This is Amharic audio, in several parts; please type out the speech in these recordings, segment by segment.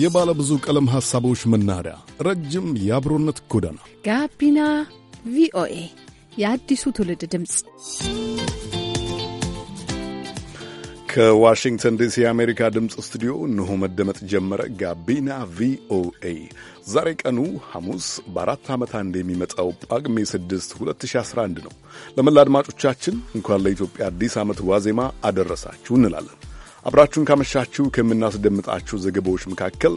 የባለ ብዙ ቀለም ሐሳቦች መናኸሪያ፣ ረጅም የአብሮነት ጎዳና ጋቢና ቪኦኤ የአዲሱ ትውልድ ድምፅ ከዋሽንግተን ዲሲ የአሜሪካ ድምፅ ስቱዲዮ እንሆ መደመጥ ጀመረ። ጋቢና ቪኦኤ ዛሬ ቀኑ ሐሙስ በአራት ዓመት አንድ የሚመጣው ጳጉሜ 6 2011 ነው። ለመላ አድማጮቻችን እንኳን ለኢትዮጵያ አዲስ ዓመት ዋዜማ አደረሳችሁ እንላለን። አብራችሁን ካመሻችሁ ከምናስደምጣችሁ ዘገባዎች መካከል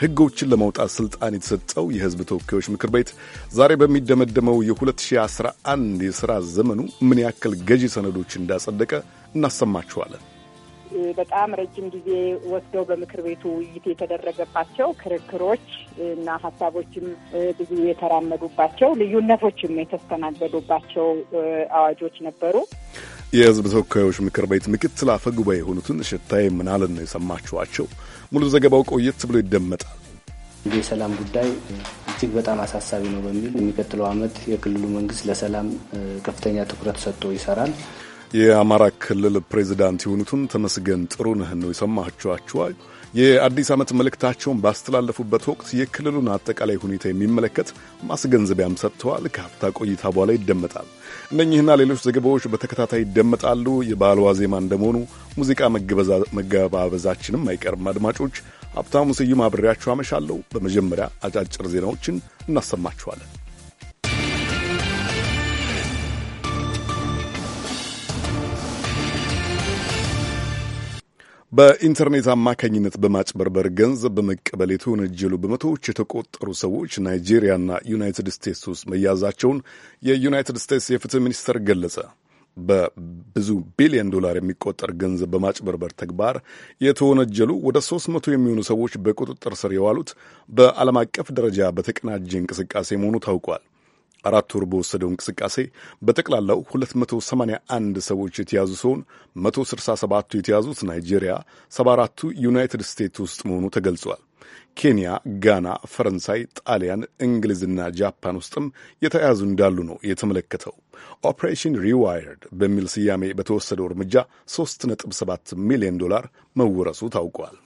ሕጎችን ለማውጣት ስልጣን የተሰጠው የሕዝብ ተወካዮች ምክር ቤት ዛሬ በሚደመደመው የ2011 የሥራ ዘመኑ ምን ያክል ገዢ ሰነዶች እንዳጸደቀ እናሰማችኋለን። በጣም ረጅም ጊዜ ወስደው በምክር ቤቱ ውይይት የተደረገባቸው ክርክሮች እና ሀሳቦችም ብዙ የተራመዱባቸው ልዩነቶችም የተስተናገዱባቸው አዋጆች ነበሩ። የህዝብ ተወካዮች ምክር ቤት ምክትል አፈ ጉባኤ የሆኑትን ሽታዬ ምናልን ነው የሰማችኋቸው። ሙሉ ዘገባው ቆየት ብሎ ይደመጣል። የሰላም ጉዳይ እጅግ በጣም አሳሳቢ ነው በሚል የሚቀጥለው ዓመት የክልሉ መንግስት ለሰላም ከፍተኛ ትኩረት ሰጥቶ ይሰራል። የአማራ ክልል ፕሬዚዳንት የሆኑትን ተመስገን ነህን ነው የሰማችኋቸው። የአዲስ ዓመት መልእክታቸውን ባስተላለፉበት ወቅት የክልሉን አጠቃላይ ሁኔታ የሚመለከት ማስገንዘቢያም ሰጥተዋል። ከሀፍታ ቆይታ በኋላ ይደመጣል። እነኚህና ሌሎች ዘገባዎች በተከታታይ ይደመጣሉ። የበዓል ዋዜማ እንደመሆኑ ሙዚቃ መገባበዛችንም አይቀርም። አድማጮች፣ ሀብታሙ ስዩም አብሬያችሁ አመሻለሁ። በመጀመሪያ አጫጭር ዜናዎችን እናሰማችኋለን። በኢንተርኔት አማካኝነት በማጭበርበር ገንዘብ በመቀበል የተወነጀሉ በመቶዎች የተቆጠሩ ሰዎች ናይጄሪያና ዩናይትድ ስቴትስ ውስጥ መያዛቸውን የዩናይትድ ስቴትስ የፍትህ ሚኒስቴር ገለጸ። በብዙ ቢሊዮን ዶላር የሚቆጠር ገንዘብ በማጭበርበር ተግባር የተወነጀሉ ወደ ሶስት መቶ የሚሆኑ ሰዎች በቁጥጥር ስር የዋሉት በዓለም አቀፍ ደረጃ በተቀናጀ እንቅስቃሴ መሆኑ ታውቋል። አራት ወር በወሰደው እንቅስቃሴ በጠቅላላው 281 ሰዎች የተያዙ ሲሆን 167ቱ የተያዙት ናይጄሪያ፣ 74ቱ ዩናይትድ ስቴትስ ውስጥ መሆኑ ተገልጿል። ኬንያ፣ ጋና፣ ፈረንሳይ፣ ጣሊያን፣ እንግሊዝና ጃፓን ውስጥም የተያዙ እንዳሉ ነው የተመለከተው። ኦፕሬሽን ሪዋይርድ በሚል ስያሜ በተወሰደው እርምጃ 3.7 ሚሊዮን ዶላር መወረሱ ታውቋል።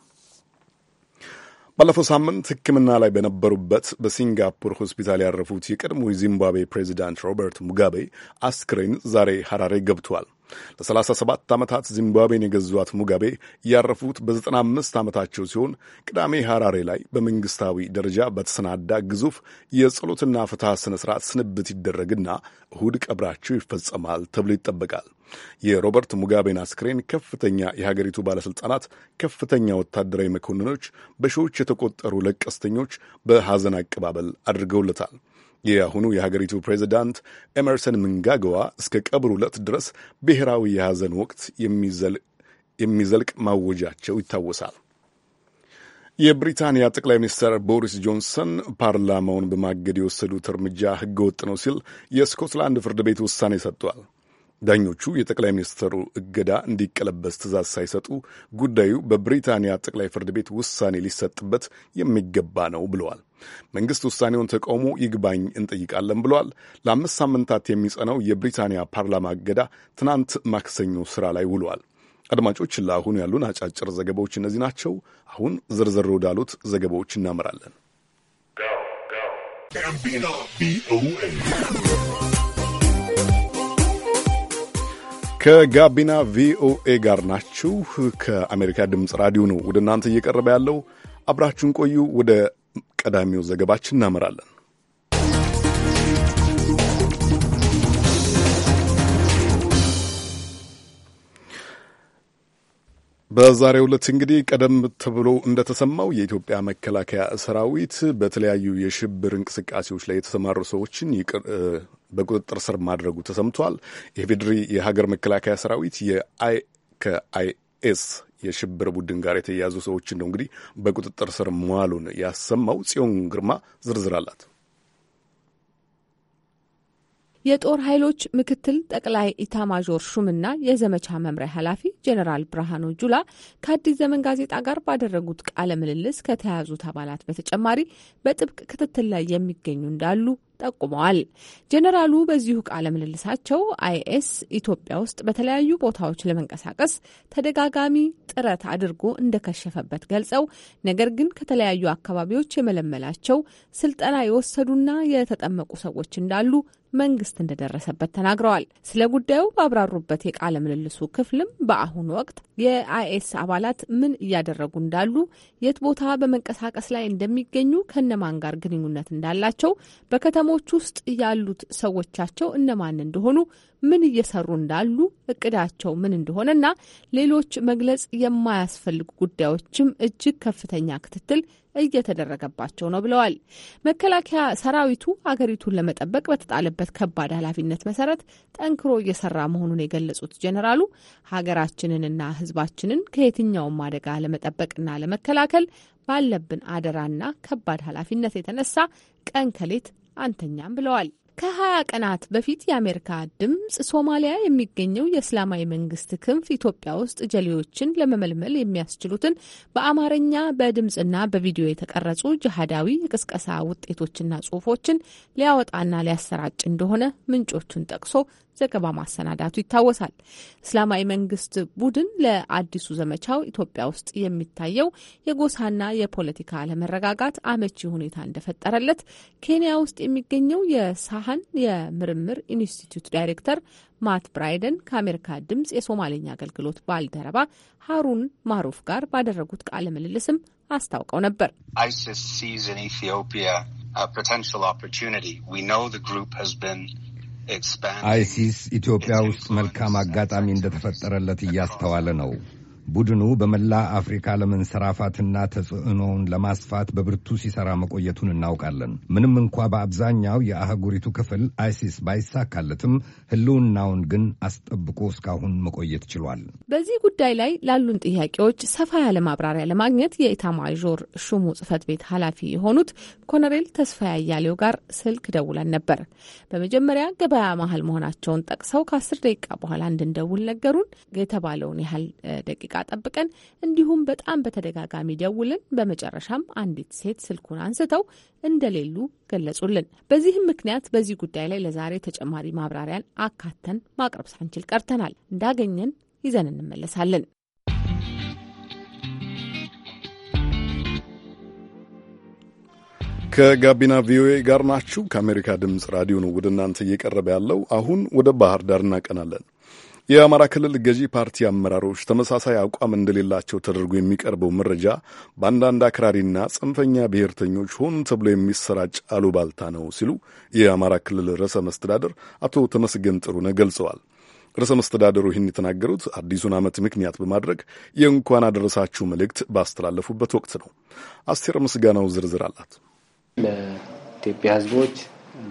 ባለፈው ሳምንት ሕክምና ላይ በነበሩበት በሲንጋፖር ሆስፒታል ያረፉት የቀድሞ የዚምባብዌ ፕሬዚዳንት ሮበርት ሙጋቤ አስክሬን ዛሬ ሐራሬ ገብቷል። ለ37 ዓመታት ዚምባብዌን የገዟት ሙጋቤ ያረፉት በ95 ዓመታቸው ሲሆን ቅዳሜ ሐራሬ ላይ በመንግሥታዊ ደረጃ በተሰናዳ ግዙፍ የጸሎትና ፍትሐ ሥነ ሥርዓት ስንብት ይደረግና እሁድ ቀብራቸው ይፈጸማል ተብሎ ይጠበቃል። የሮበርት ሙጋቤን አስክሬን ከፍተኛ የሀገሪቱ ባለሥልጣናት፣ ከፍተኛ ወታደራዊ መኮንኖች፣ በሺዎች የተቆጠሩ ለቀስተኞች በሐዘን አቀባበል አድርገውለታል። የአሁኑ የሀገሪቱ ፕሬዚዳንት ኤመርሰን ምንጋጋዋ እስከ ቀብር ዕለት ድረስ ብሔራዊ የሐዘን ወቅት የሚዘልቅ ማወጃቸው ይታወሳል። የብሪታንያ ጠቅላይ ሚኒስትር ቦሪስ ጆንሰን ፓርላማውን በማገድ የወሰዱት እርምጃ ሕገ ወጥ ነው ሲል የስኮትላንድ ፍርድ ቤት ውሳኔ ሰጥቷል። ዳኞቹ የጠቅላይ ሚኒስትሩ እገዳ እንዲቀለበስ ትእዛዝ ሳይሰጡ ጉዳዩ በብሪታንያ ጠቅላይ ፍርድ ቤት ውሳኔ ሊሰጥበት የሚገባ ነው ብለዋል። መንግስት ውሳኔውን ተቃውሞ ይግባኝ እንጠይቃለን ብለዋል። ለአምስት ሳምንታት የሚጸናው የብሪታንያ ፓርላማ እገዳ ትናንት ማክሰኞ ሥራ ላይ ውሏል። አድማጮች፣ ለአሁኑ ያሉን አጫጭር ዘገባዎች እነዚህ ናቸው። አሁን ዝርዝር ወዳሉት ዘገባዎች እናመራለን። ከጋቢና ቪኦኤ ጋር ናችሁ። ከአሜሪካ ድምፅ ራዲዮ ነው ወደ እናንተ እየቀረበ ያለው። አብራችሁን ቆዩ። ወደ ቀዳሚው ዘገባችን እናመራለን። በዛሬው ዕለት እንግዲህ ቀደም ተብሎ እንደተሰማው የኢትዮጵያ መከላከያ ሰራዊት በተለያዩ የሽብር እንቅስቃሴዎች ላይ የተሰማሩ ሰዎችን በቁጥጥር ስር ማድረጉ ተሰምቷል። የፌድሪ የሀገር መከላከያ ሰራዊት ከአይኤስ የሽብር ቡድን ጋር የተያያዙ ሰዎችን ነው እንግዲህ በቁጥጥር ስር መዋሉን ያሰማው። ጽዮን ግርማ ዝርዝር አላት። የጦር ኃይሎች ምክትል ጠቅላይ ኢታማዦር ሹምና የዘመቻ መምሪያ ኃላፊ ጀኔራል ብርሃኑ ጁላ ከአዲስ ዘመን ጋዜጣ ጋር ባደረጉት ቃለ ምልልስ ከተያዙት አባላት በተጨማሪ በጥብቅ ክትትል ላይ የሚገኙ እንዳሉ ጠቁመዋል። ጀኔራሉ በዚሁ ቃለ ምልልሳቸው አይኤስ ኢትዮጵያ ውስጥ በተለያዩ ቦታዎች ለመንቀሳቀስ ተደጋጋሚ ጥረት አድርጎ እንደከሸፈበት ገልጸው ነገር ግን ከተለያዩ አካባቢዎች የመለመላቸው ስልጠና የወሰዱና የተጠመቁ ሰዎች እንዳሉ መንግስት እንደደረሰበት ተናግረዋል። ስለ ጉዳዩ ባብራሩበት የቃለ ምልልሱ ክፍልም በአሁኑ ወቅት የአይኤስ አባላት ምን እያደረጉ እንዳሉ፣ የት ቦታ በመንቀሳቀስ ላይ እንደሚገኙ፣ ከነማን ጋር ግንኙነት እንዳላቸው፣ በከተሞች ውስጥ ያሉት ሰዎቻቸው እነማን እንደሆኑ ምን እየሰሩ እንዳሉ እቅዳቸው ምን እንደሆነና ሌሎች መግለጽ የማያስፈልጉ ጉዳዮችም እጅግ ከፍተኛ ክትትል እየተደረገባቸው ነው ብለዋል። መከላከያ ሰራዊቱ አገሪቱን ለመጠበቅ በተጣለበት ከባድ ኃላፊነት መሰረት ጠንክሮ እየሰራ መሆኑን የገለጹት ጀኔራሉ ሀገራችንንና ሕዝባችንን ከየትኛውም አደጋ ለመጠበቅና ለመከላከል ባለብን አደራና ከባድ ኃላፊነት የተነሳ ቀን ከሌት አንተኛም ብለዋል። ከ20 ቀናት በፊት የአሜሪካ ድምፅ ሶማሊያ የሚገኘው የእስላማዊ መንግስት ክንፍ ኢትዮጵያ ውስጥ ጀሌዎችን ለመመልመል የሚያስችሉትን በአማርኛ በድምፅና በቪዲዮ የተቀረጹ ጅሃዳዊ የቅስቀሳ ውጤቶችና ጽሁፎችን ሊያወጣና ሊያሰራጭ እንደሆነ ምንጮቹን ጠቅሶ ዘገባ ማሰናዳቱ ይታወሳል። እስላማዊ መንግስት ቡድን ለአዲሱ ዘመቻው ኢትዮጵያ ውስጥ የሚታየው የጎሳና የፖለቲካ አለመረጋጋት አመቺ ሁኔታ እንደፈጠረለት ኬንያ ውስጥ የሚገኘው የሳህን የምርምር ኢንስቲትዩት ዳይሬክተር ማት ብራይደን ከአሜሪካ ድምጽ የሶማሌኛ አገልግሎት ባልደረባ ሀሩን ማሩፍ ጋር ባደረጉት ቃለ ምልልስም አስታውቀው ነበር። አይሲስ ሲዝ ኢትዮጵያ ፖቴንሻል ኦፖርቹኒቲ ዊ ኖው ግሩፕ ሀዝ ቢን አይሲስ ኢትዮጵያ ውስጥ መልካም አጋጣሚ እንደተፈጠረለት እያስተዋለ ነው። ቡድኑ በመላ አፍሪካ ለመንሰራፋትና ተጽዕኖውን ለማስፋት በብርቱ ሲሰራ መቆየቱን እናውቃለን። ምንም እንኳ በአብዛኛው የአህጉሪቱ ክፍል አይሲስ ባይሳካለትም ሕልውናውን ግን አስጠብቆ እስካሁን መቆየት ችሏል። በዚህ ጉዳይ ላይ ላሉን ጥያቄዎች ሰፋ ያለ ማብራሪያ ለማግኘት የኢታማዦር ሹሙ ጽህፈት ቤት ኃላፊ የሆኑት ኮሎኔል ተስፋዬ አያሌው ጋር ስልክ ደውለን ነበር። በመጀመሪያ ገበያ መሀል መሆናቸውን ጠቅሰው ከአስር ደቂቃ በኋላ እንድንደውል ነገሩን የተባለውን ያህል ደቂቃ ደቂቃ ጠብቀን እንዲሁም በጣም በተደጋጋሚ ደውልን። በመጨረሻም አንዲት ሴት ስልኩን አንስተው እንደሌሉ ገለጹልን። በዚህም ምክንያት በዚህ ጉዳይ ላይ ለዛሬ ተጨማሪ ማብራሪያን አካተን ማቅረብ ሳንችል ቀርተናል። እንዳገኘን ይዘን እንመለሳለን። ከጋቢና ቪኦኤ ጋር ናችሁ። ከአሜሪካ ድምፅ ራዲዮ ነው ወደ እናንተ እየቀረበ ያለው። አሁን ወደ ባህር ዳር እናቀናለን። የአማራ ክልል ገዢ ፓርቲ አመራሮች ተመሳሳይ አቋም እንደሌላቸው ተደርጎ የሚቀርበው መረጃ በአንዳንድ አክራሪና ጽንፈኛ ብሔርተኞች ሆን ተብሎ የሚሰራጭ አሉባልታ ነው ሲሉ የአማራ ክልል ርዕሰ መስተዳደር አቶ ተመስገን ጥሩነህ ገልጸዋል። ርዕሰ መስተዳደሩ ይህን የተናገሩት አዲሱን ዓመት ምክንያት በማድረግ የእንኳን አደረሳችሁ መልእክት ባስተላለፉበት ወቅት ነው። አስቴር ምስጋናው ዝርዝር አላት። ለኢትዮጵያ ሕዝቦች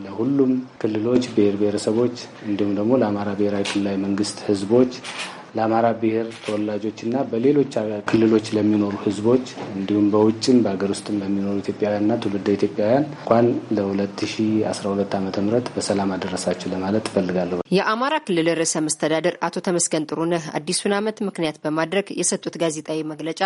ለሁሉም ክልሎች ብሔር ብሔረሰቦች እንዲሁም ደግሞ ለአማራ ብሔራዊ ክልላዊ መንግስት ህዝቦች ለአማራ ብሔር ተወላጆች እና በሌሎች ክልሎች ለሚኖሩ ህዝቦች እንዲሁም በውጭም በሀገር ውስጥም ለሚኖሩ ኢትዮጵያውያንና ትውልደ ኢትዮጵያውያን እንኳን ለ2012 ዓ ም በሰላም አደረሳችሁ ለማለት እፈልጋለሁ። የአማራ ክልል ርዕሰ መስተዳደር አቶ ተመስገን ጥሩነህ አዲሱን ዓመት ምክንያት በማድረግ የሰጡት ጋዜጣዊ መግለጫ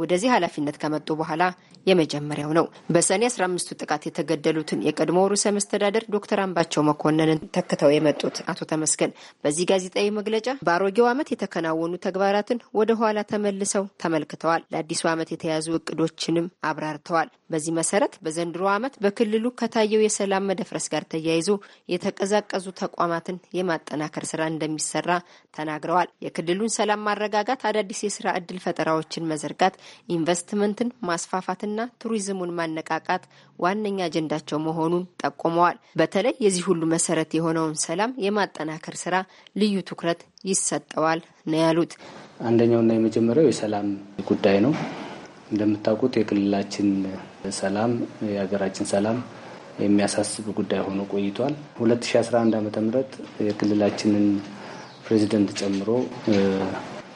ወደዚህ ኃላፊነት ከመጡ በኋላ የመጀመሪያው ነው። በሰኔ 15ቱ ጥቃት የተገደሉትን የቀድሞ ርዕሰ መስተዳደር ዶክተር አምባቸው መኮንንን ተክተው የመጡት አቶ ተመስገን በዚህ ጋዜጣዊ መግለጫ በአሮጌው ዓመት የተከናወኑ ተግባራትን ወደ ኋላ ተመልሰው ተመልክተዋል። ለአዲሱ ዓመት የተያዙ እቅዶችንም አብራርተዋል። በዚህ መሰረት በዘንድሮ ዓመት በክልሉ ከታየው የሰላም መደፍረስ ጋር ተያይዞ የተቀዛቀዙ ተቋማትን የማጠናከር ስራ እንደሚሰራ ተናግረዋል። የክልሉን ሰላም ማረጋጋት፣ አዳዲስ የስራ እድል ፈጠራዎችን መዘርጋት ኢንቨስትመንትን ማስፋፋትና ቱሪዝሙን ማነቃቃት ዋነኛ አጀንዳቸው መሆኑን ጠቁመዋል። በተለይ የዚህ ሁሉ መሰረት የሆነውን ሰላም የማጠናከር ስራ ልዩ ትኩረት ይሰጠዋል ነው ያሉት። አንደኛውና የመጀመሪያው የሰላም ጉዳይ ነው። እንደምታውቁት የክልላችን ሰላም የሀገራችን ሰላም የሚያሳስብ ጉዳይ ሆኖ ቆይቷል። 2011 ዓ ም የክልላችንን ፕሬዚደንት ጨምሮ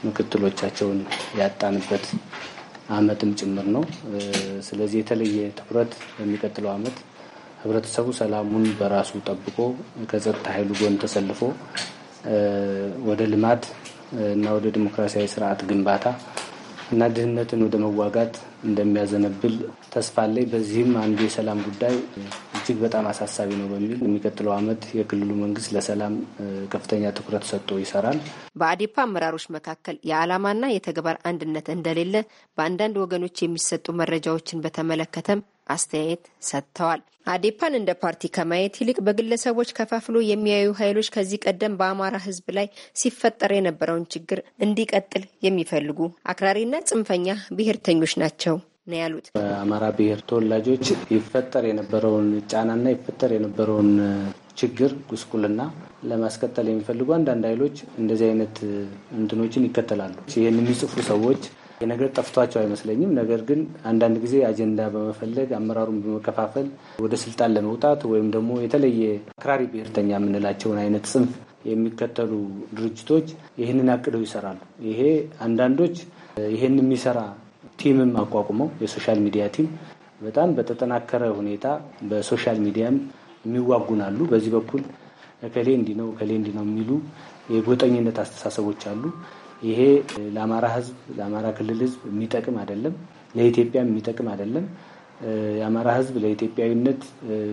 ምክትሎቻቸውን ያጣንበት አመትም ጭምር ነው። ስለዚህ የተለየ ትኩረት በሚቀጥለው አመት ህብረተሰቡ ሰላሙን በራሱ ጠብቆ ከጸጥታ ኃይሉ ጎን ተሰልፎ ወደ ልማት እና ወደ ዲሞክራሲያዊ ስርዓት ግንባታ እና ድህነትን ወደ መዋጋት እንደሚያዘነብል ተስፋ አለኝ። በዚህም አንዱ የሰላም ጉዳይ እጅግ በጣም አሳሳቢ ነው በሚል የሚቀጥለው ዓመት የክልሉ መንግስት ለሰላም ከፍተኛ ትኩረት ሰጥቶ ይሰራል። በአዴፓ አመራሮች መካከል የዓላማና የተግባር አንድነት እንደሌለ በአንዳንድ ወገኖች የሚሰጡ መረጃዎችን በተመለከተም አስተያየት ሰጥተዋል። አዴፓን እንደ ፓርቲ ከማየት ይልቅ በግለሰቦች ከፋፍሎ የሚያዩ ኃይሎች ከዚህ ቀደም በአማራ ሕዝብ ላይ ሲፈጠር የነበረውን ችግር እንዲቀጥል የሚፈልጉ አክራሪና ጽንፈኛ ብሔርተኞች ናቸው ነው ያሉት። በአማራ ብሔር ተወላጆች ይፈጠር የነበረውን ጫናና ይፈጠር የነበረውን ችግር ጉስቁልና ለማስቀጠል የሚፈልጉ አንዳንድ ኃይሎች እንደዚህ አይነት እንትኖችን ይከተላሉ። ይህን የሚጽፉ ሰዎች ነገር ጠፍቷቸው አይመስለኝም። ነገር ግን አንዳንድ ጊዜ አጀንዳ በመፈለግ አመራሩን በመከፋፈል ወደ ስልጣን ለመውጣት ወይም ደግሞ የተለየ አክራሪ ብሔርተኛ የምንላቸውን አይነት ጽንፍ የሚከተሉ ድርጅቶች ይህንን አቅደው ይሰራሉ። ይሄ አንዳንዶች ይህን የሚሰራ ቲምም አቋቁመው የሶሻል ሚዲያ ቲም በጣም በተጠናከረ ሁኔታ በሶሻል ሚዲያም የሚዋጉናሉ። በዚህ በኩል እከሌ እንዲህ ነው እከሌ እንዲህ ነው የሚሉ የጎጠኝነት አስተሳሰቦች አሉ። ይሄ ለአማራ ህዝብ ለአማራ ክልል ህዝብ የሚጠቅም አይደለም፣ ለኢትዮጵያ የሚጠቅም አይደለም። የአማራ ህዝብ ለኢትዮጵያዊነት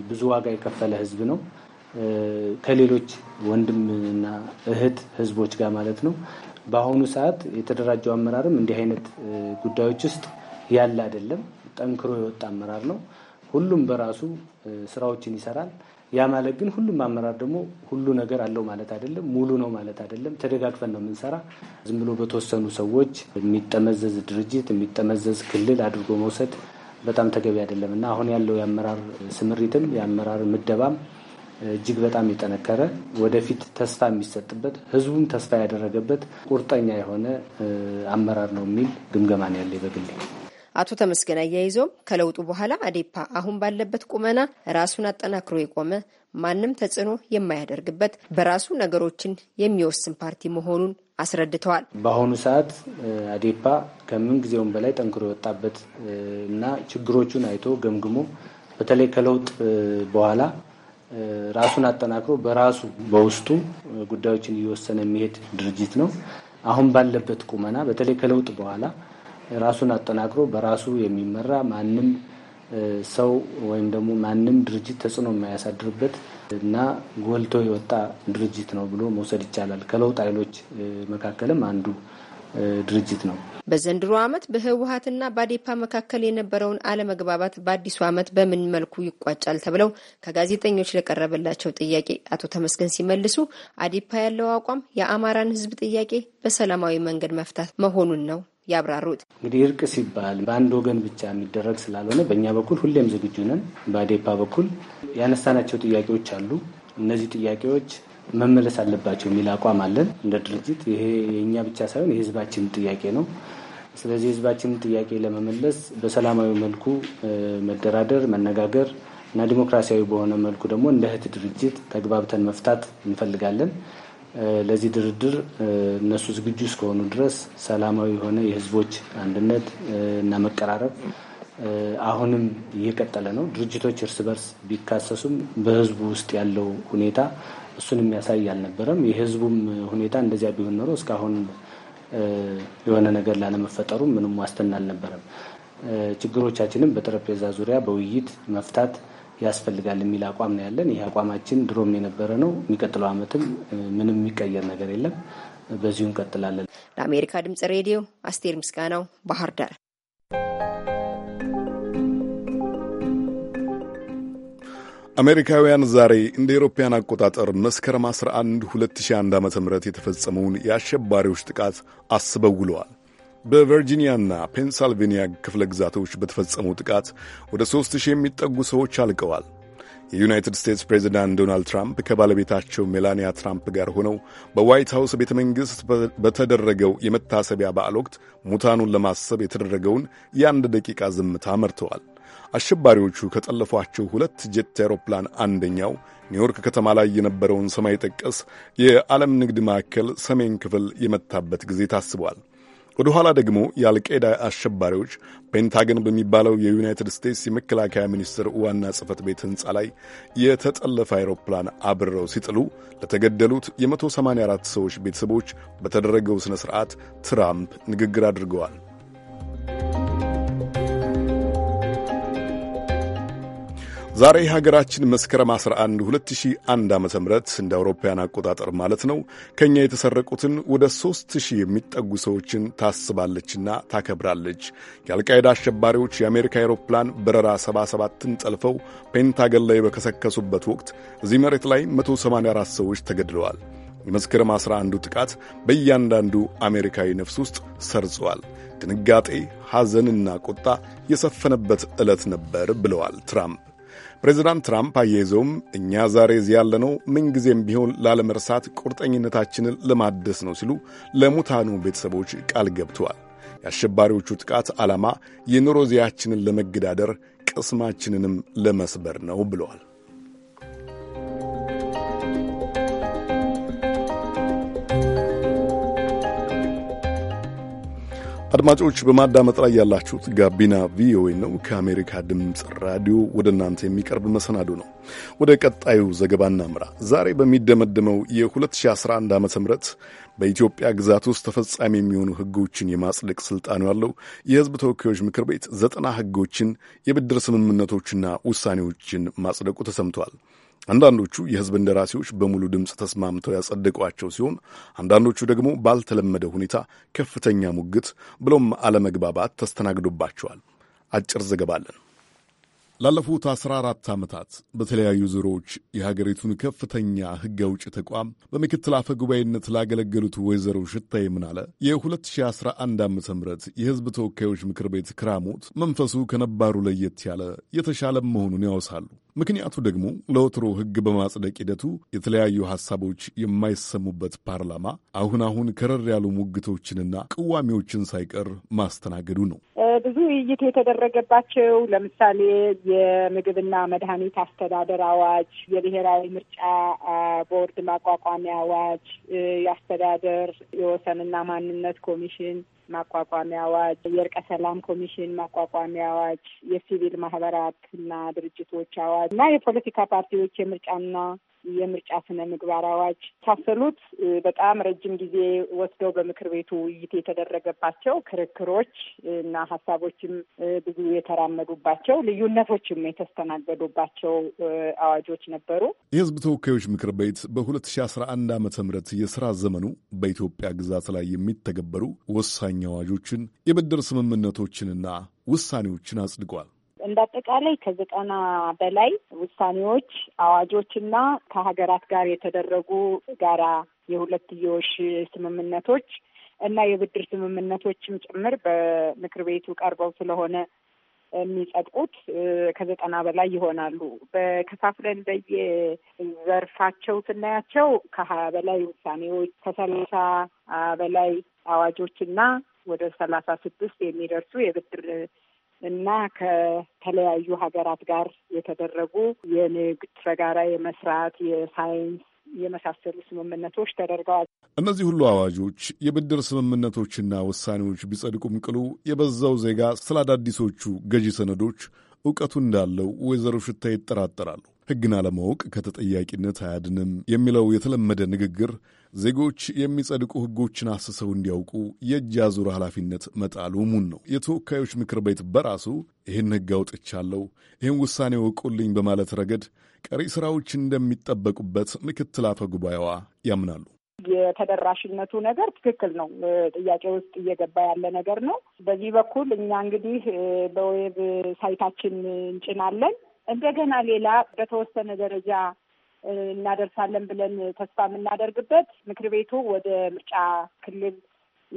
ብዙ ዋጋ የከፈለ ህዝብ ነው ከሌሎች ወንድምና እህት ህዝቦች ጋር ማለት ነው። በአሁኑ ሰዓት የተደራጀው አመራርም እንዲህ አይነት ጉዳዮች ውስጥ ያለ አይደለም። ጠንክሮ የወጣ አመራር ነው። ሁሉም በራሱ ስራዎችን ይሰራል። ያ ማለት ግን ሁሉም አመራር ደግሞ ሁሉ ነገር አለው ማለት አይደለም፣ ሙሉ ነው ማለት አይደለም። ተደጋግፈን ነው የምንሰራ። ዝም ብሎ በተወሰኑ ሰዎች የሚጠመዘዝ ድርጅት የሚጠመዘዝ ክልል አድርጎ መውሰድ በጣም ተገቢ አይደለም እና አሁን ያለው የአመራር ስምሪትም የአመራር ምደባም እጅግ በጣም የጠነከረ ወደፊት ተስፋ የሚሰጥበት ህዝቡም ተስፋ ያደረገበት ቁርጠኛ የሆነ አመራር ነው የሚል ግምገማን ያለ በግሌ አቶ ተመስገን አያይዘውም ከለውጡ በኋላ አዴፓ አሁን ባለበት ቁመና ራሱን አጠናክሮ የቆመ ማንም ተጽዕኖ የማያደርግበት በራሱ ነገሮችን የሚወስን ፓርቲ መሆኑን አስረድተዋል። በአሁኑ ሰዓት አዴፓ ከምን ጊዜውም በላይ ጠንክሮ የወጣበት እና ችግሮቹን አይቶ ገምግሞ በተለይ ከለውጥ በኋላ ራሱን አጠናክሮ በራሱ በውስጡ ጉዳዮችን እየወሰነ የሚሄድ ድርጅት ነው። አሁን ባለበት ቁመና በተለይ ከለውጥ በኋላ ራሱን አጠናክሮ በራሱ የሚመራ ማንም ሰው ወይም ደግሞ ማንም ድርጅት ተጽዕኖ የማያሳድርበት እና ጎልቶ የወጣ ድርጅት ነው ብሎ መውሰድ ይቻላል። ከለውጥ ኃይሎች መካከልም አንዱ ድርጅት ነው። በዘንድሮ ዓመት በህወሀትና በአዴፓ መካከል የነበረውን አለመግባባት በአዲሱ ዓመት በምን መልኩ ይቋጫል ተብለው ከጋዜጠኞች ለቀረበላቸው ጥያቄ አቶ ተመስገን ሲመልሱ አዴፓ ያለው አቋም የአማራን ህዝብ ጥያቄ በሰላማዊ መንገድ መፍታት መሆኑን ነው ያብራሩት። እንግዲህ እርቅ ሲባል በአንድ ወገን ብቻ የሚደረግ ስላልሆነ በእኛ በኩል ሁሌም ዝግጁ ነን። በአዴፓ በኩል ያነሳናቸው ጥያቄዎች አሉ። እነዚህ ጥያቄዎች መመለስ አለባቸው የሚል አቋም አለን እንደ ድርጅት። ይሄ የእኛ ብቻ ሳይሆን የህዝባችን ጥያቄ ነው። ስለዚህ የህዝባችንን ጥያቄ ለመመለስ በሰላማዊ መልኩ መደራደር፣ መነጋገር እና ዲሞክራሲያዊ በሆነ መልኩ ደግሞ እንደ እህት ድርጅት ተግባብተን መፍታት እንፈልጋለን። ለዚህ ድርድር እነሱ ዝግጁ እስከሆኑ ድረስ ሰላማዊ የሆነ የህዝቦች አንድነት እና መቀራረብ አሁንም እየቀጠለ ነው። ድርጅቶች እርስ በርስ ቢካሰሱም በህዝቡ ውስጥ ያለው ሁኔታ እሱን የሚያሳይ አልነበረም። የህዝቡም ሁኔታ እንደዚያ ቢሆን ኖሮ እስካሁን የሆነ ነገር ላለመፈጠሩ ምንም ዋስትና አልነበረም። ችግሮቻችንም በጠረጴዛ ዙሪያ በውይይት መፍታት ያስፈልጋል የሚል አቋም ነው ያለን። ይህ አቋማችን ድሮም የነበረ ነው። የሚቀጥለው ዓመትም ምንም የሚቀየር ነገር የለም። በዚሁ እንቀጥላለን። ለአሜሪካ ድምጽ ሬዲዮ አስቴር ምስጋናው ባህር ዳር። አሜሪካውያን ዛሬ እንደ ኤሮፓያን አቆጣጠር መስከረም 11 2001 ዓ ም የተፈጸመውን የአሸባሪዎች ጥቃት አስበው ውለዋል። በቨርጂኒያና ፔንሳልቬንያ ክፍለ ግዛቶች በተፈጸመው ጥቃት ወደ ሦስት ሺህ የሚጠጉ ሰዎች አልቀዋል። የዩናይትድ ስቴትስ ፕሬዚዳንት ዶናልድ ትራምፕ ከባለቤታቸው ሜላኒያ ትራምፕ ጋር ሆነው በዋይት ሐውስ ቤተ መንግሥት በተደረገው የመታሰቢያ በዓል ወቅት ሙታኑን ለማሰብ የተደረገውን የአንድ ደቂቃ ዝምታ መርተዋል። አሸባሪዎቹ ከጠለፏቸው ሁለት ጄት አውሮፕላን አንደኛው ኒውዮርክ ከተማ ላይ የነበረውን ሰማይ ጠቀስ የዓለም ንግድ ማዕከል ሰሜን ክፍል የመታበት ጊዜ ታስቧል። ወደ ኋላ ደግሞ የአልቃይዳ አሸባሪዎች ፔንታገን በሚባለው የዩናይትድ ስቴትስ የመከላከያ ሚኒስቴር ዋና ጽህፈት ቤት ህንፃ ላይ የተጠለፈ አይሮፕላን አብረው ሲጥሉ ለተገደሉት የ184 ሰዎች ቤተሰቦች በተደረገው ሥነ ሥርዓት ትራምፕ ንግግር አድርገዋል። ዛሬ ሀገራችን መስከረም 11 2001 ዓ ም እንደ አውሮፓውያን አቆጣጠር ማለት ነው ከእኛ የተሰረቁትን ወደ 3000 የሚጠጉ ሰዎችን ታስባለችና ታከብራለች። የአልቃይዳ አሸባሪዎች የአሜሪካ አውሮፕላን በረራ 77ን ጠልፈው ፔንታገን ላይ በከሰከሱበት ወቅት እዚህ መሬት ላይ 184 ሰዎች ተገድለዋል። የመስከረም 11 ጥቃት በእያንዳንዱ አሜሪካዊ ነፍስ ውስጥ ሰርጸዋል። ድንጋጤ፣ ሐዘንና ቁጣ የሰፈነበት ዕለት ነበር ብለዋል ትራምፕ። ፕሬዚዳንት ትራምፕ አያይዘውም እኛ ዛሬ እዚህ ያለነው ምንጊዜም ቢሆን ላለመርሳት ቁርጠኝነታችንን ለማደስ ነው ሲሉ ለሙታኑ ቤተሰቦች ቃል ገብተዋል። የአሸባሪዎቹ ጥቃት ዓላማ የኑሮ ዚያችንን ለመገዳደር ቅስማችንንም ለመስበር ነው ብለዋል። አድማጮች በማዳመጥ ላይ ያላችሁት ጋቢና ቪኦኤ ነው። ከአሜሪካ ድምፅ ራዲዮ ወደ እናንተ የሚቀርብ መሰናዶ ነው። ወደ ቀጣዩ ዘገባ እናምራ። ዛሬ በሚደመደመው የ2011 ዓ ም በኢትዮጵያ ግዛት ውስጥ ተፈጻሚ የሚሆኑ ሕጎችን የማጽደቅ ስልጣኑ ያለው የሕዝብ ተወካዮች ምክር ቤት ዘጠና ሕጎችን የብድር ስምምነቶችና ውሳኔዎችን ማጽደቁ ተሰምቷል። አንዳንዶቹ የህዝብ እንደራሴዎች በሙሉ ድምፅ ተስማምተው ያጸደቋቸው ሲሆን አንዳንዶቹ ደግሞ ባልተለመደ ሁኔታ ከፍተኛ ሙግት ብሎም አለመግባባት ተስተናግዶባቸዋል። አጭር ዘገባ አለን። ላለፉት አስራ አራት ዓመታት በተለያዩ ዙሮዎች የሀገሪቱን ከፍተኛ ህግ አውጭ ተቋም በምክትል አፈ ጉባኤነት ላገለገሉት ወይዘሮ ሽታይ ምናለ የ2011 ዓ ም የህዝብ ተወካዮች ምክር ቤት ክራሞት መንፈሱ ከነባሩ ለየት ያለ የተሻለ መሆኑን ያወሳሉ። ምክንያቱ ደግሞ ለወትሮ ሕግ በማጽደቅ ሂደቱ የተለያዩ ሐሳቦች የማይሰሙበት ፓርላማ አሁን አሁን ከረር ያሉ ሙግቶችንና ቅዋሚዎችን ሳይቀር ማስተናገዱ ነው። ብዙ ውይይት የተደረገባቸው ለምሳሌ የምግብና መድኃኒት አስተዳደር አዋጅ፣ የብሔራዊ ምርጫ ቦርድ ማቋቋሚያ አዋጅ፣ የአስተዳደር የወሰንና ማንነት ኮሚሽን ማቋቋሚያ አዋጅ፣ የእርቀ ሰላም ኮሚሽን ማቋቋሚያ አዋጅ፣ የሲቪል ማህበራትና ድርጅቶች አዋጅ እና የፖለቲካ ፓርቲዎች የምርጫና የምርጫ ስነ ምግባር አዋጅ ታሰሉት በጣም ረጅም ጊዜ ወስደው በምክር ቤቱ ውይይት የተደረገባቸው ክርክሮች እና ሀሳቦችም ብዙ የተራመዱባቸው ልዩነቶችም የተስተናገዱባቸው አዋጆች ነበሩ። የህዝብ ተወካዮች ምክር ቤት በ2011 ዓ ም የስራ ዘመኑ በኢትዮጵያ ግዛት ላይ የሚተገበሩ ወሳኝ አዋጆችን፣ የብድር ስምምነቶችንና ውሳኔዎችን አጽድቋል። እንዳጠቃላይ ከዘጠና በላይ ውሳኔዎች፣ አዋጆች እና ከሀገራት ጋር የተደረጉ ጋራ የሁለትዮሽ ስምምነቶች እና የብድር ስምምነቶችም ጭምር በምክር ቤቱ ቀርበው ስለሆነ የሚጸድቁት ከዘጠና በላይ ይሆናሉ። በከፋፍለን በየዘርፋቸው ስናያቸው ከሀያ በላይ ውሳኔዎች ከሰላሳ በላይ አዋጆችና ወደ ሰላሳ ስድስት የሚደርሱ የብድር እና ከተለያዩ ሀገራት ጋር የተደረጉ የንግድ በጋራ የመስራት የሳይንስ የመሳሰሉ ስምምነቶች ተደርገዋል። እነዚህ ሁሉ አዋጆች፣ የብድር ስምምነቶችና ውሳኔዎች ቢጸድቁም ቅሉ የበዛው ዜጋ ስለ አዳዲሶቹ ገዢ ሰነዶች እውቀቱ እንዳለው ወይዘሮ ሽታ ይጠራጠራሉ። ሕግን አለማወቅ ከተጠያቂነት አያድንም የሚለው የተለመደ ንግግር ዜጎች የሚጸድቁ ህጎችን አስሰው እንዲያውቁ የእጅ አዙር ኃላፊነት መጣሉ ሙን ነው። የተወካዮች ምክር ቤት በራሱ ይህን ህግ አውጥቻለሁ፣ ይህን ውሳኔ ወቁልኝ በማለት ረገድ ቀሪ ስራዎች እንደሚጠበቁበት ምክትል አፈ ጉባኤዋ ያምናሉ። የተደራሽነቱ ነገር ትክክል ነው፣ ጥያቄ ውስጥ እየገባ ያለ ነገር ነው። በዚህ በኩል እኛ እንግዲህ በዌብ ሳይታችን እንጭናለን። እንደገና ሌላ በተወሰነ ደረጃ እናደርሳለን ብለን ተስፋ የምናደርግበት ምክር ቤቱ ወደ ምርጫ ክልል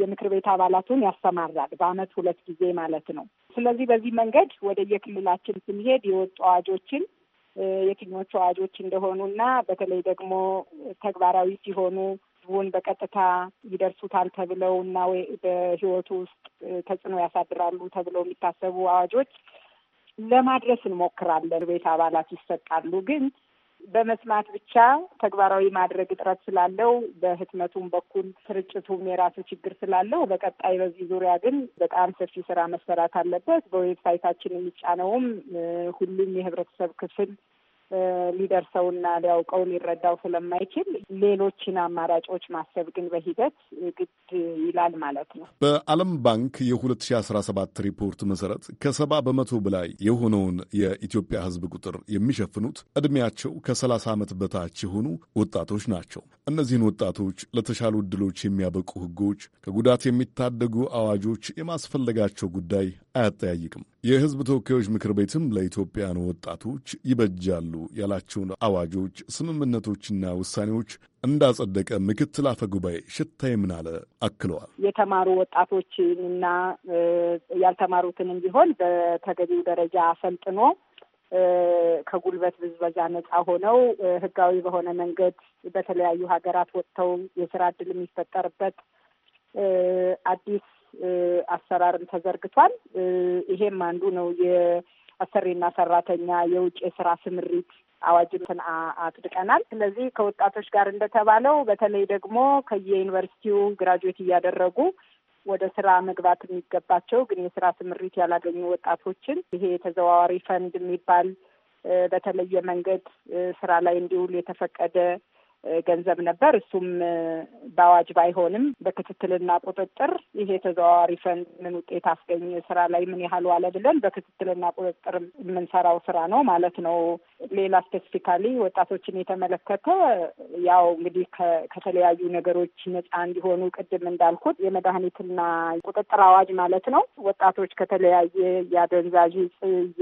የምክር ቤት አባላቱን ያሰማራል በአመት ሁለት ጊዜ ማለት ነው። ስለዚህ በዚህ መንገድ ወደ የክልላችን ስንሄድ የወጡ አዋጆችን የትኞቹ አዋጆች እንደሆኑ እና በተለይ ደግሞ ተግባራዊ ሲሆኑ ህዝቡን በቀጥታ ይደርሱታል ተብለው እና ወይ በህይወቱ ውስጥ ተጽዕኖ ያሳድራሉ ተብለው የሚታሰቡ አዋጆች ለማድረስ እንሞክራለን። ቤት አባላት ይሰጣሉ ግን በመስማት ብቻ ተግባራዊ ማድረግ እጥረት ስላለው በህትመቱም በኩል ስርጭቱም የራሱ ችግር ስላለው በቀጣይ በዚህ ዙሪያ ግን በጣም ሰፊ ስራ መሰራት አለበት። በዌብሳይታችን የሚጫነውም ሁሉም የህብረተሰብ ክፍል ሊደርሰውና ሊያውቀው ሊረዳው ስለማይችል ሌሎችን አማራጮች ማሰብ ግን በሂደት ግድ ይላል ማለት ነው። በዓለም ባንክ የ2017 ሪፖርት መሰረት ከሰባ በመቶ በላይ የሆነውን የኢትዮጵያ ሕዝብ ቁጥር የሚሸፍኑት ዕድሜያቸው ከ30 ዓመት በታች የሆኑ ወጣቶች ናቸው። እነዚህን ወጣቶች ለተሻሉ ዕድሎች የሚያበቁ ሕጎች፣ ከጉዳት የሚታደጉ አዋጆች የማስፈለጋቸው ጉዳይ አያጠያይቅም። የሕዝብ ተወካዮች ምክር ቤትም ለኢትዮጵያን ወጣቶች ይበጃሉ ያላቸውን አዋጆች፣ ስምምነቶችና ውሳኔዎች እንዳጸደቀ ምክትል አፈ ጉባኤ ሽታዬ ምን አለ አክለዋል። የተማሩ ወጣቶችንና ያልተማሩትንም ቢሆን በተገቢው ደረጃ አሰልጥኖ ከጉልበት ብዝበዛ ነጻ ሆነው ህጋዊ በሆነ መንገድ በተለያዩ ሀገራት ወጥተው የስራ እድል የሚፈጠርበት አዲስ አሰራርን ተዘርግቷል። ይሄም አንዱ ነው አሰሪና ሰራተኛ የውጭ የስራ ስምሪት አዋጅን አጽድቀናል። ስለዚህ ከወጣቶች ጋር እንደተባለው በተለይ ደግሞ ከየዩኒቨርሲቲው ግራጁዌት እያደረጉ ወደ ስራ መግባት የሚገባቸው ግን የስራ ስምሪት ያላገኙ ወጣቶችን ይሄ የተዘዋዋሪ ፈንድ የሚባል በተለየ መንገድ ስራ ላይ እንዲውል የተፈቀደ ገንዘብ ነበር። እሱም በአዋጅ ባይሆንም በክትትልና ቁጥጥር ይሄ ተዘዋዋሪ ፈንድ ምን ውጤት አስገኘ፣ ስራ ላይ ምን ያህል ዋለ ብለን በክትትልና ቁጥጥር የምንሰራው ስራ ነው ማለት ነው። ሌላ ስፔሲፊካሊ ወጣቶችን የተመለከተ ያው እንግዲህ ከተለያዩ ነገሮች ነጻ እንዲሆኑ ቅድም እንዳልኩት የመድኃኒትና ቁጥጥር አዋጅ ማለት ነው። ወጣቶች ከተለያየ የአደንዛዥ እጽ፣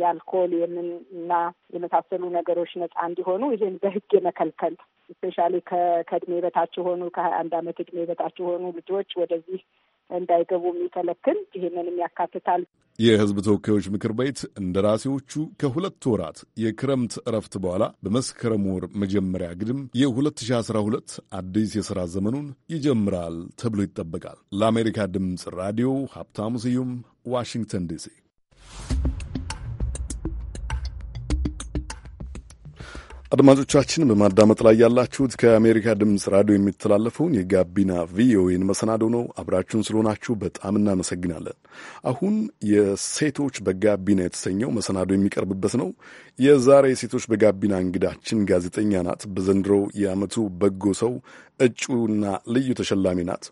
የአልኮል የምንና የመሳሰሉ ነገሮች ነጻ እንዲሆኑ ይህን በህግ የመከልከል ስፔሻሊ ከእድሜ በታች የሆኑ ከሀያ አንድ አመት እድሜ በታች የሆኑ ልጆች ወደዚህ እንዳይገቡ የሚከለክል ይህንንም ያካትታል። የህዝብ ተወካዮች ምክር ቤት እንደራሴዎቹ ከሁለት ወራት የክረምት እረፍት በኋላ በመስከረም ወር መጀመሪያ ግድም የ2012 አዲስ የሥራ ዘመኑን ይጀምራል ተብሎ ይጠበቃል። ለአሜሪካ ድምፅ ራዲዮ ሀብታሙ ስዩም ዋሽንግተን ዲሲ አድማጮቻችን በማዳመጥ ላይ ያላችሁት ከአሜሪካ ድምፅ ራዲዮ የሚተላለፈውን የጋቢና ቪኦኤን መሰናዶ ነው። አብራችሁን ስለሆናችሁ በጣም እናመሰግናለን። አሁን የሴቶች በጋቢና የተሰኘው መሰናዶ የሚቀርብበት ነው። የዛሬ የሴቶች በጋቢና እንግዳችን ጋዜጠኛ ናት። በዘንድሮ የዓመቱ በጎ ሰው እጩና ልዩ ተሸላሚ ናት።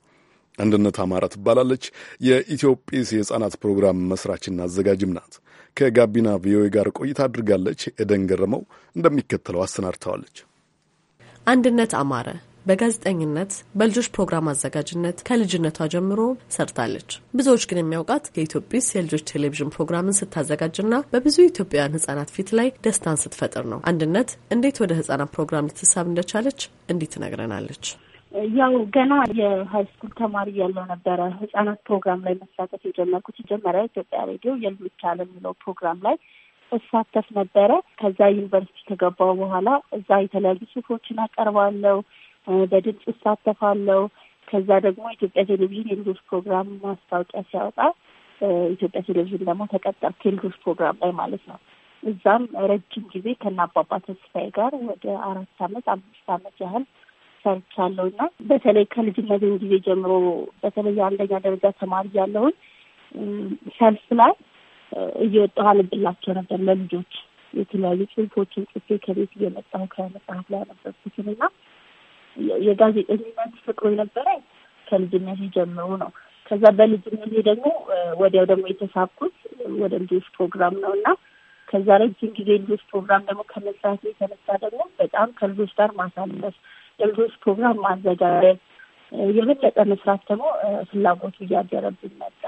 አንድነት አማራ ትባላለች። የኢትዮጵስ የሕፃናት ፕሮግራም መስራችና አዘጋጅም ናት። ከጋቢና ቪኦኤ ጋር ቆይታ አድርጋለች። ኤደን ገረመው እንደሚከተለው አሰናድተዋለች። አንድነት አማረ በጋዜጠኝነት በልጆች ፕሮግራም አዘጋጅነት ከልጅነቷ ጀምሮ ሰርታለች። ብዙዎች ግን የሚያውቃት የኢትዮጵስ የልጆች ቴሌቪዥን ፕሮግራምን ስታዘጋጅና በብዙ ኢትዮጵያውያን ህጻናት ፊት ላይ ደስታን ስትፈጥር ነው። አንድነት እንዴት ወደ ህጻናት ፕሮግራም ልትሳብ እንደቻለች እንዲህ ትነግረናለች። ያው ገና የሀይ ስኩል ተማሪ ያለው ነበረ ህጻናት ፕሮግራም ላይ መሳተፍ የጀመርኩት የጀመረ ኢትዮጵያ ሬዲዮ የልጆቻል የሚለው ፕሮግራም ላይ እሳተፍ ነበረ። ከዛ ዩኒቨርሲቲ ከገባው በኋላ እዛ የተለያዩ ጽሁፎችን አቀርባለው፣ በድምፅ እሳተፋለው። ከዛ ደግሞ ኢትዮጵያ ቴሌቪዥን የልጆች ፕሮግራም ማስታወቂያ ሲያወጣ ኢትዮጵያ ቴሌቪዥን ደግሞ ተቀጠርኩ፣ የልጆች ፕሮግራም ላይ ማለት ነው። እዛም ረጅም ጊዜ ከነ አባባ ተስፋዬ ጋር ወደ አራት አመት አምስት አመት ያህል ሰርቻለሁ እና በተለይ ከልጅነቴም ጊዜ ጀምሮ በተለይ አንደኛ ደረጃ ተማሪ ያለውን ሰልፍ ላይ እየወጣሁ አነብላቸው ነበር ለልጆች የተለያዩ ጽሁፎችን ጽፌ ከቤት እየመጣሁ ከመጽሐፍ ላይ ያነበብኩትን እና የጋዜጠኝነት ፍቅሮ የነበረ ከልጅነት ጀምሮ ነው። ከዛ በልጅነት ደግሞ ወዲያው ደግሞ የተሳብኩት ወደ ልጆች ፕሮግራም ነው እና ከዛ ረጅም ጊዜ ልጆች ፕሮግራም ደግሞ ከመስራት የተነሳ ደግሞ በጣም ከልጆች ጋር ማሳለፍ የልጆች ፕሮግራም ማዘጋጀት የበለጠ መስራት ደግሞ ፍላጎቱ እያደረብን መጣ።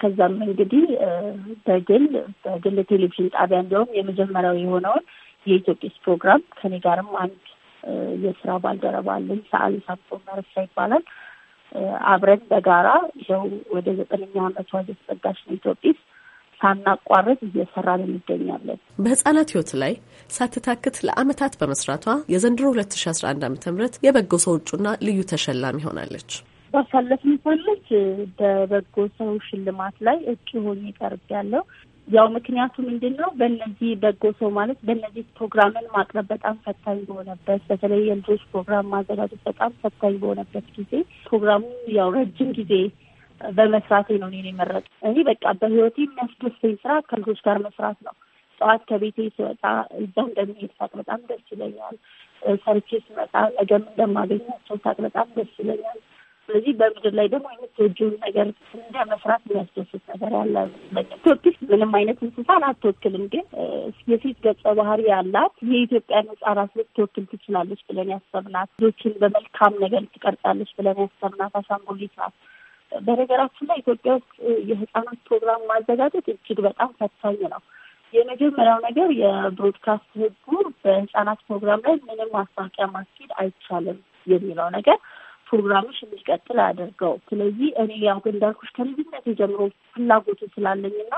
ከዛም እንግዲህ በግል በግል ቴሌቪዥን ጣቢያ እንዲሁም የመጀመሪያው የሆነውን የኢትዮጵስ ፕሮግራም ከኔ ጋርም አንድ የስራ ባልደረባ አለኝ ሰዓሊ ሳምሶን መረሻ ይባላል። አብረን በጋራ ይኸው ወደ ዘጠነኛ አመቷ እየተጠጋች ነው ኢትዮጵስ ሳናቋረጥ እየሰራን እንገኛለን። በህጻናት ህይወት ላይ ሳትታክት ለአመታት በመስራቷ የዘንድሮ 2011 ዓ ም የበጎ ሰው እጩና ልዩ ተሸላሚ ሆናለች። ባሳለፍን ሳለች በበጎ ሰው ሽልማት ላይ እጩ ሆኜ ያለው ያው ምክንያቱ ምንድን ነው? በእነዚህ በጎ ሰው ማለት በእነዚህ ፕሮግራምን ማቅረብ በጣም ፈታኝ በሆነበት በተለይ የልጆች ፕሮግራም ማዘጋጀት በጣም ፈታኝ በሆነበት ጊዜ ፕሮግራሙ ያው ረጅም ጊዜ በመስራቴ ነው እኔን የመረጡ። እኔ በቃ በህይወቴ የሚያስደስተኝ ስራ ከልጆች ጋር መስራት ነው። ጠዋት ከቤቴ ስወጣ እዛ እንደሚሄድ ሳቅ በጣም ደስ ይለኛል። ሰርቼ ስመጣ ነገም እንደማገኛቸው ሳቅ በጣም ደስ ይለኛል። ስለዚህ በምድር ላይ ደግሞ የምትወጂውን ነገር እንደ መስራት የሚያስደስት ነገር ያለ ኢትዮጵስ ምንም አይነት እንስሳን አትወክልም፣ ግን የሴት ገጸ ባህሪ ያላት የኢትዮጵያን ሕጻናት ልትወክል ትችላለች ብለን ያሰብናት ልጆችን በመልካም ነገር ትቀርጻለች ብለን ያሰብናት አሻንጉሊት ናት። በነገራችን ላይ ኢትዮጵያ ውስጥ የህጻናት ፕሮግራም ማዘጋጀት እጅግ በጣም ፈታኝ ነው። የመጀመሪያው ነገር የብሮድካስት ህጉ በህጻናት ፕሮግራም ላይ ምንም ማስታወቂያ ማስኬድ አይቻልም የሚለው ነገር ፕሮግራምሽ እንዲቀጥል አድርገው። ስለዚህ እኔ ያው ግን እንዳልኩሽ ከልጅነት የጀምሮ ፍላጎቱ ስላለኝ ስላለኝና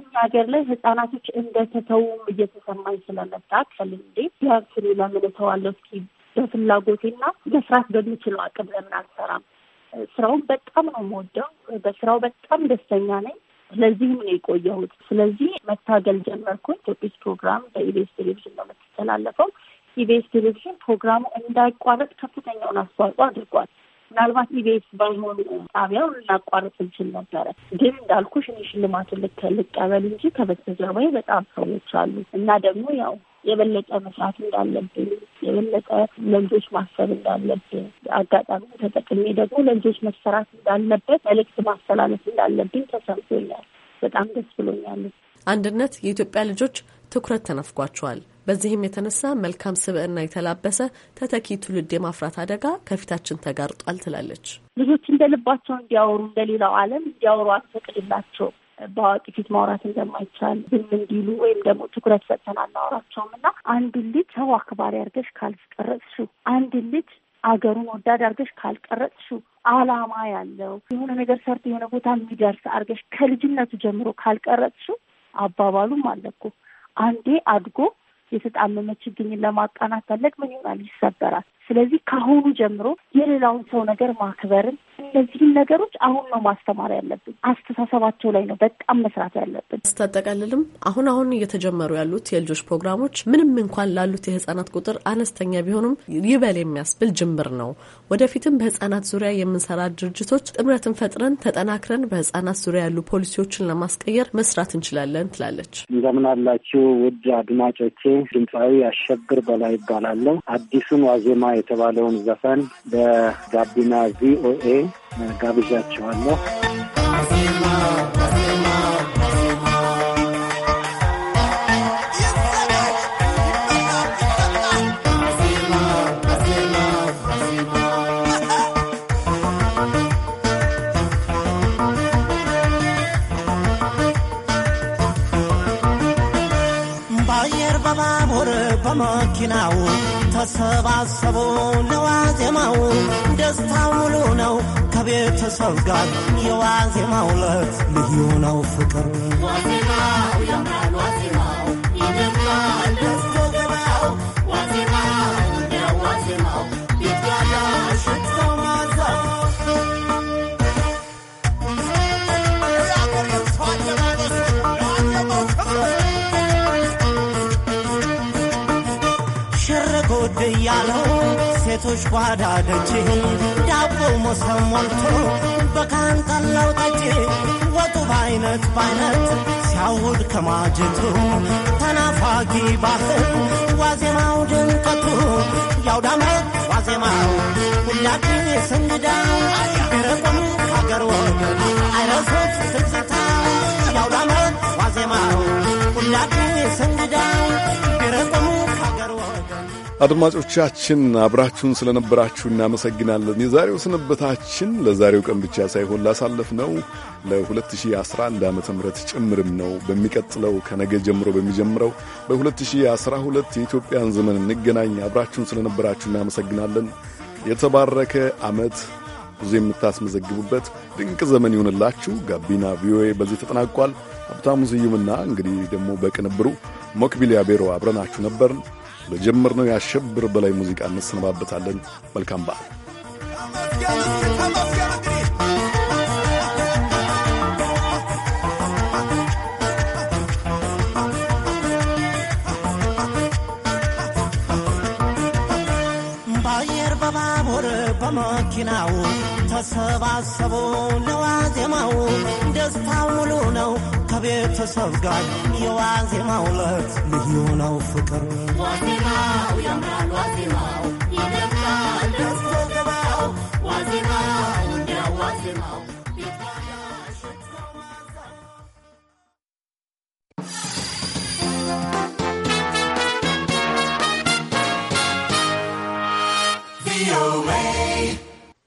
እኛ ሀገር ላይ ህጻናቶች እንደተተውም እየተሰማኝ ስለመጣ ከልንዴ ቢያንስ እኔ ለምን እተዋለሁ እስኪ በፍላጎቴና መስራት በምችለው አቅም ለምን አልሰራም ስራውን በጣም ነው የምወደው። በስራው በጣም ደስተኛ ነኝ። ስለዚህም ነው የቆየሁት። ስለዚህ መታገል ጀመርኩኝ። ኢትዮጵስ ፕሮግራም በኢቤስ ቴሌቪዥን ነው የምትተላለፈው። ኢቤስ ቴሌቪዥን ፕሮግራሙ እንዳይቋረጥ ከፍተኛውን አስተዋጽኦ አድርጓል። ምናልባት ኢቤስ ባይሆን ጣቢያው ልናቋርጥ እንችል ነበረ። ግን እንዳልኩሽ እኔ ሽልማቱን ልቀበል እንጂ ከበስተጀርባዬ በጣም ሰዎች አሉ እና ደግሞ ያው የበለጠ መስራት እንዳለብን፣ የበለጠ ለልጆች ማሰብ እንዳለብን፣ አጋጣሚ ተጠቅሜ ደግሞ ለልጆች መሰራት እንዳለበት መልእክት ማስተላለፍ እንዳለብኝ ተሰምቶኛል። በጣም ደስ ብሎኛል። አንድነት የኢትዮጵያ ልጆች ትኩረት ተነፍጓቸዋል። በዚህም የተነሳ መልካም ስብዕና የተላበሰ ተተኪ ትውልድ የማፍራት አደጋ ከፊታችን ተጋርጧል ትላለች። ልጆች እንደ ልባቸው እንዲያወሩ እንደሌላው ሌላው ዓለም እንዲያወሩ አትፈቅድላቸው። በአዋቂ ፊት ማውራት እንደማይቻል ዝም እንዲሉ ወይም ደግሞ ትኩረት ሰጥተን አናወራቸውም እና አንድን ልጅ ሰው አክባሪ አድርገሽ ካልቀረጽሽው፣ አንድን ልጅ አገሩን ወዳድ አድርገሽ ካልቀረጽሽው፣ አላማ ያለው የሆነ ነገር ሰርቶ የሆነ ቦታ የሚደርስ አድርገሽ ከልጅነቱ ጀምሮ ካልቀረጽሽው፣ አባባሉም አለ እኮ አንዴ አድጎ የተጣመመ ችግኝን ለማቃናት ፈለግ ምን ይሆናል? ይሰበራል። ስለዚህ ከአሁኑ ጀምሮ የሌላውን ሰው ነገር ማክበርን እነዚህን ነገሮች አሁን ነው ማስተማር ያለብን። አስተሳሰባቸው ላይ ነው በጣም መስራት ያለብን። ስታጠቃልልም አሁን አሁን እየተጀመሩ ያሉት የልጆች ፕሮግራሞች ምንም እንኳን ላሉት የህጻናት ቁጥር አነስተኛ ቢሆኑም ይበል የሚያስብል ጅምር ነው። ወደፊትም በህጻናት ዙሪያ የምንሰራ ድርጅቶች ጥምረትን ፈጥረን ተጠናክረን በህጻናት ዙሪያ ያሉ ፖሊሲዎችን ለማስቀየር መስራት እንችላለን ትላለች። እንደምን አላችሁ ውድ አድማጮቼ። ድምፃዊ አሸብር በላይ ይባላለሁ። አዲሱን ዋዜማ የተባለውን ዘፈን በጋቢና ቪኦኤ ጋብዣቸዋለሁ። ተሰባሰቡ ለዋዜማው ደስታ ሙሉ ነው ከቤተሰብ ጋር የዋዜማው ዕለት ልዩ ነው ፍቅር ሸረጎድ ጉድ እያለው ሴቶች ጓዳ ደጅ ዳቦ ሞሰብ ሞልቶ በካንጠላው ጠጪ ወጡ በአይነት በአይነት ሲያውድ ከማጀቱ ተናፋጊ ባህል ዋዜማው ድንቀቱ ያውዳመት ዋዜማው ሁላችን የስንግዳ ደረቁም ሀገር ወግ አይረሱት ትዝታ ያውዳመት ዋዜማው ሁላችን የስንግዳ ደረቁም አድማጮቻችን አብራችሁን ስለነበራችሁ እናመሰግናለን። የዛሬው ስንብታችን ለዛሬው ቀን ብቻ ሳይሆን ላሳለፍ ነው ለ2011 ዓ ም ጭምርም ነው። በሚቀጥለው ከነገ ጀምሮ በሚጀምረው በ2012 የኢትዮጵያን ዘመን እንገናኝ። አብራችሁን ስለነበራችሁ እናመሰግናለን። የተባረከ ዓመት ብዙ የምታስመዘግቡበት ድንቅ ዘመን ይሁንላችሁ። ጋቢና ቪኦኤ በዚህ ተጠናቋል። ሀብታሙ ስዩምና እንግዲህ ደግሞ በቅንብሩ ሞክቢሊያ ቤሮ አብረናችሁ ነበርን። በጀመርነው ያሸብር በላይ ሙዚቃ እንሰነባበታለን። መልካም በዓል። ተሰባሰቡ ለዋዜማው ደስታ ሙሉ ነው። ከቤተሰብ ጋር የዋዜማው ዕለት ልዩ ነው ፍቅር ዋዜማው ዋዜማው ዋዜማው ዋዜማው